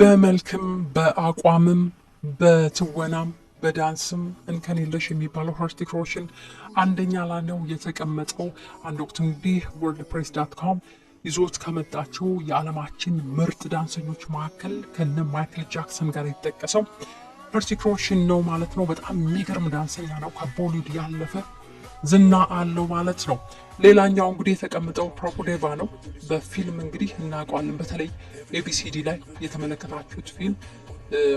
በመልክም በአቋምም በትወናም በዳንስም እንከን የለሽ የሚባለው ሀርቲክ ሮሽን አንደኛ ላይ ነው የተቀመጠው። አንድ ወቅት እንዲህ ወርልድ ፕሬስ ዳት ኮም ይዞት ከመጣቸው የዓለማችን ምርጥ ዳንሰኞች መካከል ከነ ማይክል ጃክሰን ጋር የተጠቀሰው ሀርቲክ ሮሽን ነው ማለት ነው። በጣም የሚገርም ዳንሰኛ ነው። ከቦሊውድ ያለፈ ዝና አለው ማለት ነው። ሌላኛው እንግዲህ የተቀምጠው ፕሮፖዴቫ ነው። በፊልም እንግዲህ እናውቀዋለን። በተለይ ኤቢሲዲ ላይ የተመለከታችሁት ፊልም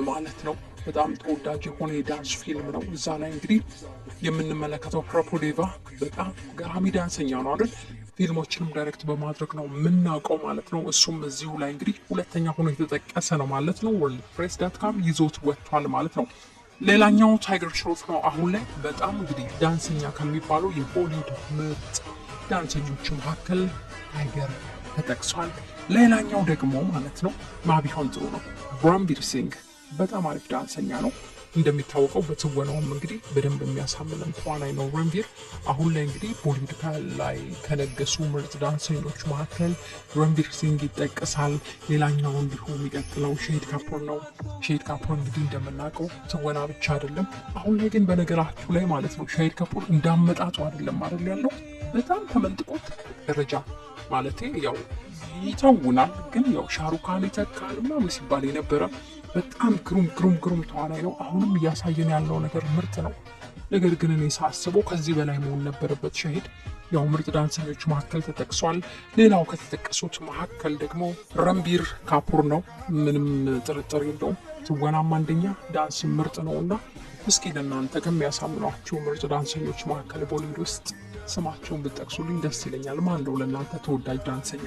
ማለት ነው። በጣም ተወዳጅ የሆነ የዳንስ ፊልም ነው። እዛ ላይ እንግዲህ የምንመለከተው ፕሮፖዴቫ በጣም ገራሚ ዳንሰኛ ነው አይደል? ፊልሞችንም ዳይሬክት በማድረግ ነው የምናውቀው ማለት ነው። እሱም እዚሁ ላይ እንግዲህ ሁለተኛ ሆኖ የተጠቀሰ ነው ማለት ነው። ወርልድ ፕሬስ ዳት ካም ይዞት ወጥቷል ማለት ነው። ሌላኛው ታይገር ሽሮፍ ነው። አሁን ላይ በጣም እንግዲህ ዳንሰኛ ከሚባለው የቦሊውድ ምርጥ ዳንሰኞቹ መካከል ታይገር ተጠቅሷል። ሌላኛው ደግሞ ማለት ነው ማቢሆን ጥሩ ነው። ራምቢር ሲንግ በጣም አሪፍ ዳንሰኛ ነው። እንደሚታወቀው በትወናውም እንግዲህ በደንብ የሚያሳምነን ተዋናይ ነው ረንቪር። አሁን ላይ እንግዲህ ቦሊውድ ላይ ከነገሱ ምርጥ ዳንሰኞች መካከል ረንቪር ሲንግ ይጠቀሳል። ሌላኛው እንዲሁ የሚቀጥለው ሼድ ካፖር ነው። ሼድ ካፖር እንግዲህ እንደምናውቀው ትወና ብቻ አይደለም። አሁን ላይ ግን በነገራችሁ ላይ ማለት ነው ሼድ ካፖር እንዳመጣጡ አይደለም አይደል ያለው በጣም ተመንጥቆት ደረጃ ማለት ያው ይተውናል። ግን ያው ሻሩካን ይተካል ምናምን ሲባል የነበረ በጣም ግሩም ግሩም ግሩም ተዋናይ ነው። አሁንም እያሳየን ያለው ነገር ምርጥ ነው። ነገር ግን እኔ ሳስበው ከዚህ በላይ መሆን ነበረበት። ሻሂድ ያው ምርጥ ዳንሰኞች መካከል ተጠቅሷል። ሌላው ከተጠቀሱት መካከል ደግሞ ረምቢር ካፑር ነው። ምንም ጥርጥር የለውም። ትወናም አንደኛ፣ ዳንስ ምርጥ ነው እና እስኪ ለእናንተ ከሚያሳምኗቸው ምርጥ ዳንሰኞች መካከል ቦሊውድ ውስጥ ስማቸውን ብትጠቅሱልኝ ደስ ይለኛል። ማን ነው ለእናንተ ተወዳጅ ዳንሰኛ?